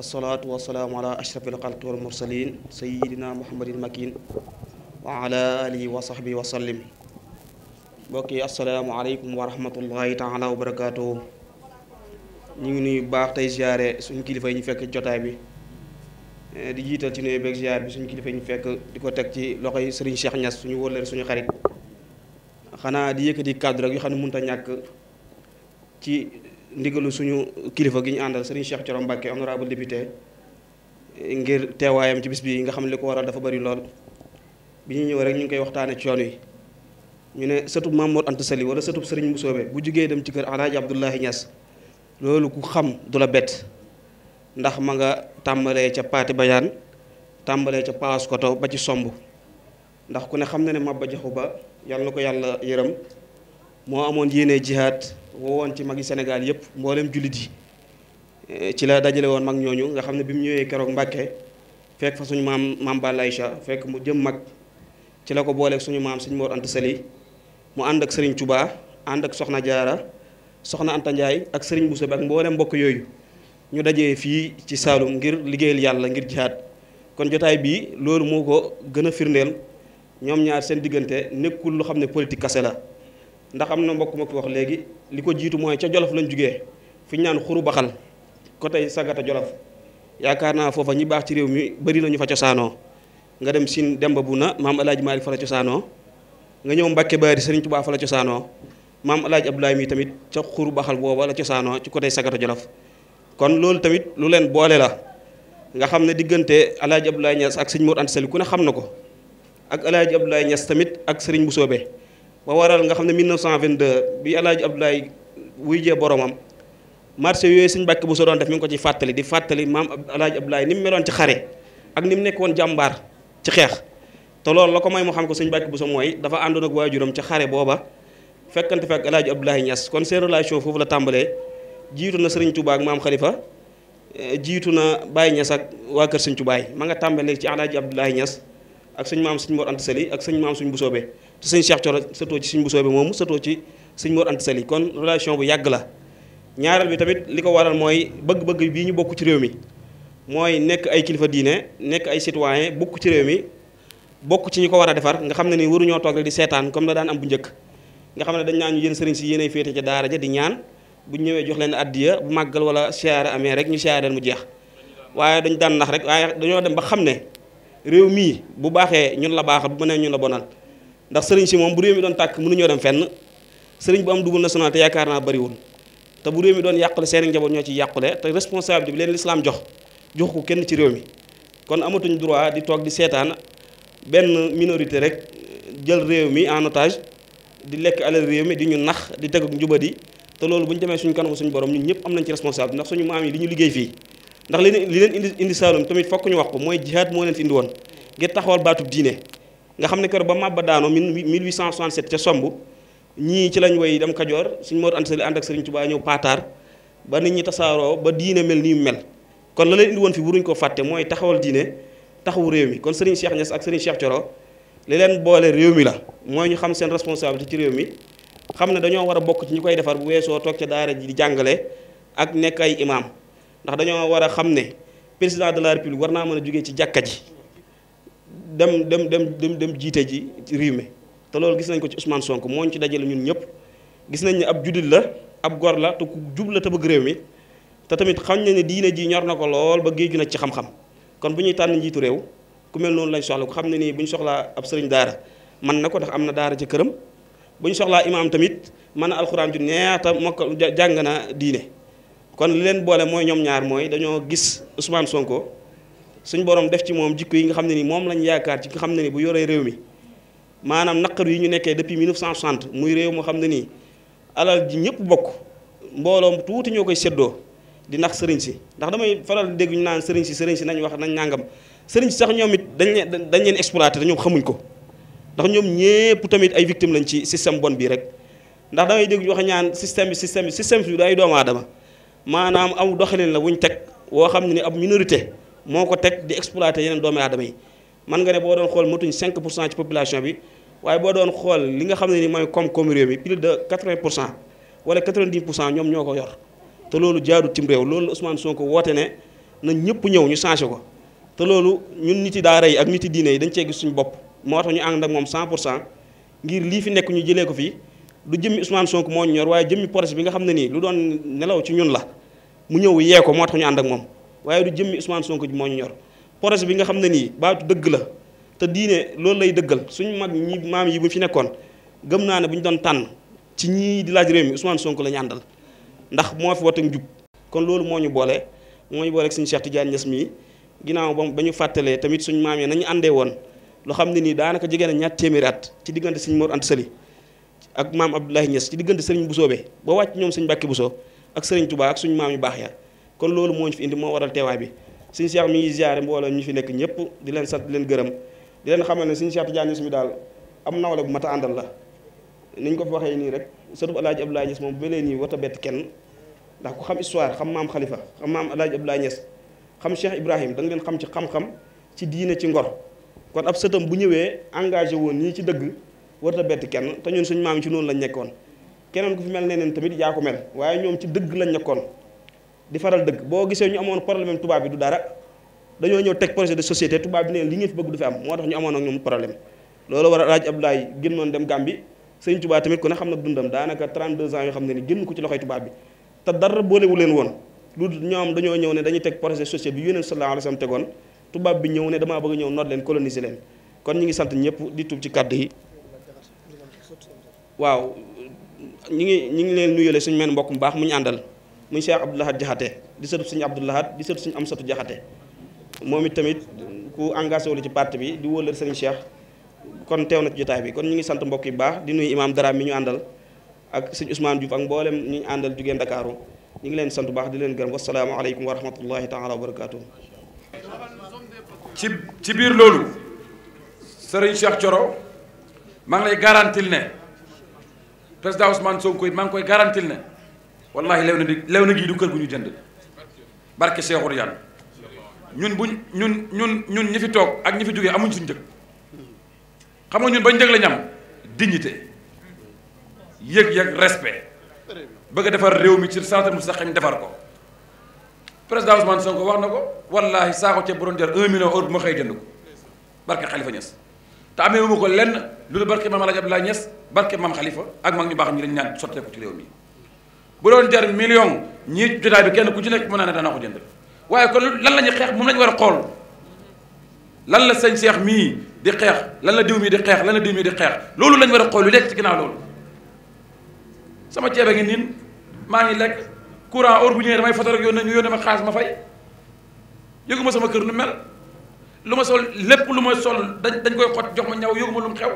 wasalaatu wasalaamu ala ashrafil xalqi wal mursalin sayidina muhammadin makin wa ala alihi wa sahbi wa sallim mbokk yi asalaamualeykum wa rahmatullahi taala wa barakaatuhu ñu ngi nuyu baax tey ziare suñu kilifa yi ñu fekk jotaay bi eh, di jiital ci nuyu beeg ziar bi suñu kilifa yi ñu fekk di ko teg ci loxoy sëriñ Cheikh Niass suñu wóllare suñu xarit xanaa di yëkkati kàddu rek yoo xam ne mënut ñàkk ci ndigalu suñu kilifa gi ñu àndal Serigne Cheikh Thioro Mbacke honorable député ngir teewaayam ci bis bi nga xam ne li ko waral dafa bari lool bi ñu ñëw rek ñu ngi koy waxtaane ci yoon wi ñu ne sëtub Mamour Anta Sali wala sëtub Serigne Mboussobé bu jugee dem ci kër Alaaji Abdoulaye Niass loolu ku xam du la bett ndax ma nga tàmbalee ca Paati Bayaan tàmbalee ca Paas Koto ba ci Somb ndax ku ne xam na ne Maba Jaxu Ba yàlla na ko yàlla yërëm moo amoon yéene jihaat wowoon ci magi Sénégal yëpp mboolem jullit yi eh, ci la dajale woon mag ñooñu nga xam ne bi mu ñëwee keroog Mbàkke fekk fa suñu maam maam Balla Aïcha fekk mu jëm mag ci la ko booleeg suñu maam suñu Mor Anta Sali mu ànd ak sëriñ Touba ànd ak Soxna Jaara Soxna antanjaay Ndiaye ak Serigne Bousso ak mboolem mbokk yooyu ñu dajee fii ci Saalum ngir liggéeyal yàlla ngir jihaad kon jotaay bii loolu moo ko gën a firndeel ñoom ñaar seen diggante nekkul lu xam ne politique kase ndax am na mbokk ma ko wax léegi li ko jiitu mooy ca jolof lañ jugee fi ñu naan xuru baxal côté sagata jolof yaakaar naa foofa ñi baax ci réew mi bari nañu fa cosaanoo nga dem Sine Demba Buna maam El Hadj Malick fa la cosaanoo nga ñëw Mbacke Bari Serigne Touba fa la cosaanoo maam El Hadj Abdoulaye tamit ca xuru baxal booba la cosaanoo ci côté sagata jolof kon loolu tamit lu leen boole la nga xam ne diggante El Hadj Abdoulaye Niass ak sëñ Mor Anta Sali ku ne xam na ko ak El Hadj tamit ak Serigne Bousobé. ba waral nga xam ne 1922 bi El Hadj Abdoulaye wuy jee boromam marché yooyu suñ mbàkk bu soo doon def mi ngi ko ci fàttali di fàttali maam El Hadj ni mu meloon ci xare ak ni mu nekkoon jàmbaar ci xeex te loolu la ko may mu xam ko suñ mbàkk bu soo mooy dafa àndoon ak waajuram ci xare booba fekkante fekk El Hadj ñas kon seen relation foofu la tàmbalee jiitu na Serigne Touba ak maam Khalifa eh, jiitu na bàyyi Niass ak waa kër Serigne Touba ma nga tàmbalee ci El Hadj Abdoulaye Niass ak suñ maam suñ Mor Anta Sali ak suñ maam suñ Bousobé. te sëñ Cheikh Thioro sëtoo ci sëñ Bousso bi moomu sëtoo ci sëñ Mor Anta Sali kon relation bu yàgg la ñaareel bi tamit li ko waral mooy bëgg-bëgg bii ñu bokk ci réew mi mooy nekk ay kilifa diine nekk ay citoyen bokk ci réew mi bokk ci ñu ko war a defar nga xam ne ni waruñoo toog rek di seetaan comme la daan am bu njëkk nga xam ne dañ naan ñu yéen sëriñ si yéenay féete ca daara ja di ñaan bu ñëwee jox leen addiya bu màggal wala siyaare amee rek ñu siyaareel mu jeex waaye dañ daan nax rek waaye dañoo dem ba xam ne réew mii bu baaxee ñun la baaxal bu mënee ñun la bonal ndax sëriñ si moom bu réew mi doon tàkk mënuñoo dem fenn sëriñ bu am double nationalité yaakaar naa bëriwul te bu réew mi doon yàqule seen njaboot ñoo ci yàqule te responsabilité bi leen lislaam jox jox ko kenn ci réew mi kon amatuñ droit di toog di seetaan benn minorité rek jël réew mi en otage di lekk alal réew mi di ñu nax di teg ak njubadi te loolu bu ñu demee suñu kanamu suñu borom ñun ñëpp am nañ ci responsabilité ndax suñu maam yi li ñu liggéey fii ndax li leen indi indi Saalum tamit fokk ñu wax ko mooy jihaad moo leen fi indi woon ngir taxawal baatub diine nga xam ne kër ba mabba daanoo 1867 ca somb ñii ci lañ woy dem kajoor suñ Mor Anta Sali ànd ak Serigne Touba ñëw Pataar ba nit ñi tasaaroo ba diine mel nii mel kon la leen indi woon fi wuruñ ko fàtte mooy taxawal diine taxawu réew mi kon Serigne Cheikh Niass ak Serigne Cheikh Thioro li leen boole réew mi la mooy ñu xam seen responsabilité ci réew mi xam ne dañoo war a bokk ci ñi koy defar bu weesoo toog ca daara ji di jàngale ak nekk ay imaam ndax dañoo war a xam ne président de la république war naa mën a jógee ci jàkka ji dem dem dem dem jiite ji réew mi te loolu gis nañ ko ci Ousmane Sonko moo ci dajale ñun ñëpp gis nañ ne ab juddit la ab gor la te ku jub la te bëgg réew mi te tamit xam na ne diine ji ñor na ko lool ba géeju na ci xam-xam kon bu ñuy tànn njiitu réew ku mel noonu lañ soxla ku xam ne nii bu ñu soxlaa ab sëriñ daara man na ko ndax am na daara ci këram bu ñu soxlaa imaam tamit mën na alxuraan ju neexta mokk jàng na diine kon li leen boole mooy ñoom ñaar mooy dañoo gis Ousmane Sonko. suñ borom def ci moom jikko yi nga xam ne ni moom lañ yaakaar ci nga xam ne bu yoree réew mi maanaam naqar yi ñu nekkee depuis 1960 muy réew moo xam ne nii alal ji ñëpp bokk mbooloo tuuti ñoo koy séddoo di nax si ndax damay faral dégg ñu naan sëriñ si sëriñ si nañ wax nañ nàngam sëriñ sax ñoom dañ leen dañ leen exploité te ñoom ko ndax ñoom ñépp tamit ay victime lañ ci système bon bii rek ndax damay dégg ñu wax ñaan système bi système bi système bi du ay doomu aadama maanaam aw doxalin la wuñ teg woo xam ne ni ab minorité moo ko teg di exploiter yeneen doomi aadama yi man nga ne boo doon xool matuñ cinq pour cent ci population bi waaye boo doon xool li nga xam ne ni mooy koom-koom réew mi plus de 80 pour cent wala 90 pour cent ñoom ñoo ko yor te loolu jaarul cim réew loolu Ousmane Sonko woote ne na ñëpp ñëw ñu changé ko te loolu ñun nit yi daara yi ak nit yi diine yi dañ cee gis suñu bopp moo tax ñu ànd ak moom 100 pour cent ngir lii fi nekk ñu jëlee ko fi du jëmmi Ousmane Sonko moo ñor waaye jëmmi projet bi nga xam ne nii lu doon nelaw ci ñun la mu ñëw yee ko moo tax moom waaye du jëmmi Ousmane Sonko ji moo ñu ñor projet bi nga xam ne nii baatu dëgg la te diine loolu lay dëggal suñu mag ñi maam yi bu fi nekkoon gëm naa ne bu ñu doon tànn ci ñii di laaj réew mi Ousmane sonk la ñu àndal ndax moo fi wote njub kon loolu moo ñu boole moo ñu boole ak suñu Cheikh Tidiane Niass mii ginnaaw ba ba ñu fàttalee tamit suñu maam yi nañu àndee woon loo xam ne nii daanaka jege na ñaar téeméeri at ci diggante sëñ Mor Anta Sali ak maam Abdoulaye Niass ci diggante sëriñ Bousso be ba ñoom sëñ Mbàkke Bousso ak sëriñ Touba ak maam yu baax ya kon loolu moo ñu fi indi moo waral teewaay bi suñu Cheikh mi ngi ziare mbooloo ñu fi nekk ñëpp di leen sat di leen gërëm di leen xamal ne suñu Cheikh Tidiane Niass mi daal am nawle bu mat a àndal la ñu ko fi waxee nii rek sëtub Alaaji Abdoulaye Niass moom ba leen nii wat a bett kenn ndax ku xam histoire xam maam Khalifa xam maam Alaaji Abdoulaye Niass xam Cheikh Ibrahim da nga leen xam ci xam-xam ci diine ci ngor kon ab sëtam bu ñëwee engagé woon nii ci dëgg war a bett kenn te ñun suñu maam yi ci noonu lañ nekkoon keneen ku fi mel neneen tamit yaa ko waaye ñoom ci dëgg lañ nekkoon di faral dëgg boo gisee ñu amoon problème tubaab bi du dara dañoo ñëw teg projet de société tubaab bi ne li ngeen fi bëgg du fi am moo tax ñu amoon ak ñoom problème loolu war a laaj Abdoulaye génnoon dem Gàmbi sëñ Tuubaa tamit ku ne xam na dundam daanaka 32 ans yoo xam ne ni génn ko ci loxoy tubaab bi te dara boolewu leen woon lu ñoom dañoo ñëw ne dañuy teg projet société bi yónent sallallahu alayhi wa sallam tegoon tubaab bi ñëw ne damaa bëgg ñëw noot leen coloniser leen kon ñu ngi sant ñëpp di tuub ci kàddu yi waaw ñi ngi ñi ngi leen nuyulee suñu meen mbokk mu baax mu ñu muy Cheikh Abdou Lahad Jaxate di sëtu suñu Abdou Lahad di sëtu suñu Amsatu Jaxate moom it tamit ku engagé wu ci parti bi di wóolal sëriñ Cheikh kon teew na ci jotaay bi kon ñu ngi sant mbokk yu baax di nuy imaam dara mi ñu àndal ak sëñ Ousmane Diouf ak mboolem ñu ñu àndal jugee Ndakaaru ñu ngi leen sant baax di leen gërëm wasalaamaaleykum wa rahmatullahi taala wa barakaatu. ci ci biir loolu sëriñ Cheikh Thioro maa ngi lay garantil ne président Ousmane Sonko maa ngi koy garantil ne. wallahi lew na di lew na gii du kër gu ñu jënd barke Seexul Yàlla ñun buñ ñun ñun ñun ñi fi toog ak ñi fi jógee amuñ suñ njëg xam nga ñun bañ njëg la ñam dignité yëg-yëg respect bëgg a defar réew mi ci santé mustaqim defar ko président Ousmane Sonko wax na ko wallahi saako ceeb bu doon jar un million heure bu ma xëy jënd ko barke Khalifa Niass te amee wu ma ko lenn lu dul barke maam El Hadj Abdoulaye Niass barke maam Khalifa ak mag ñu baax ñi dañ ñaan sotteeku ci bu doon jar million ñii jotaay bi kenn ku ci nekk mën naa ne danaa ko jënd waaye kon lan la ñuy xeex moom la ñu war a xool lan la sëñ Cheikh mii di xeex lan la diw mii di xeex la diw mii di xeex loolu la war a xool lu nekk ci ginnaaw loolu sama ceeb a ngi niin maa ngi lekk courant heure bu ñëwee damay foto yoon na ñu yónnee ma xaalis ma fay yëgu ma sama kër nu mel lu ma sol lépp lu ma sol dañ dañ koy xot jox ma ñaw yëgu ma lu mu xew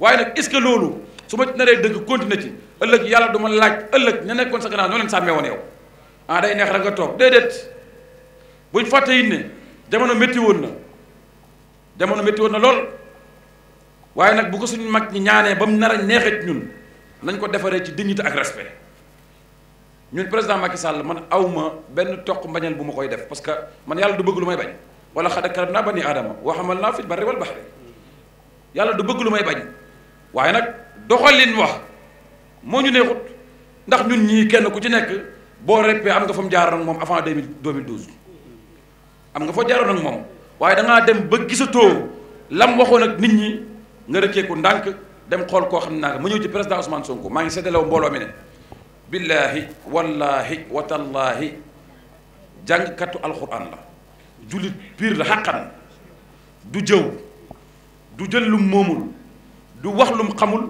waaye nag est-ce que loolu su ma naree dëgg continuer ci ëllëg yàlla du ma laaj ëllëg ña nekkoon sa gannaaw noo leen sàmmee woon ah day neex rek nga toog déedéet buñ fàtte it ne jamono métti woon na jamono métti woon na lool waaye nag bu ko suñu mag ñi ñaanee ba mu nar a neexee ñun nañ ko defaree ci dignité ak respect ñun président Macky Sall man awma benn toq mbañal bu ma koy def parce que man yàlla du bëgg lu may bañ wala xad karam naa bani aadama wa xamal naa fi barri wal baxri yàlla du bëgg lu may bañ waaye nag doxalin wax. moo ñu neexut ndax ñun ñii kenn ku ci nekk boo reppee am nga fa mu jaaroon ak moom avant deux mille deux mille douze am nga fa jaaroon ak moom waaye da dem ba gisatoo lam waxoon ak nit ñi nga rëccee ko ndànk dem xool koo xam ne naa ma ñëw ci président Ousmane Sonko maa ngi seddalew mbooloo mi ne billaahi wallaahi watallaahi jàngkatu alxuraan la jullit piir la xàqan du jëw du jël lum moomul du wax lum xamul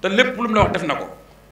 te lépp lum mu la wax def na ko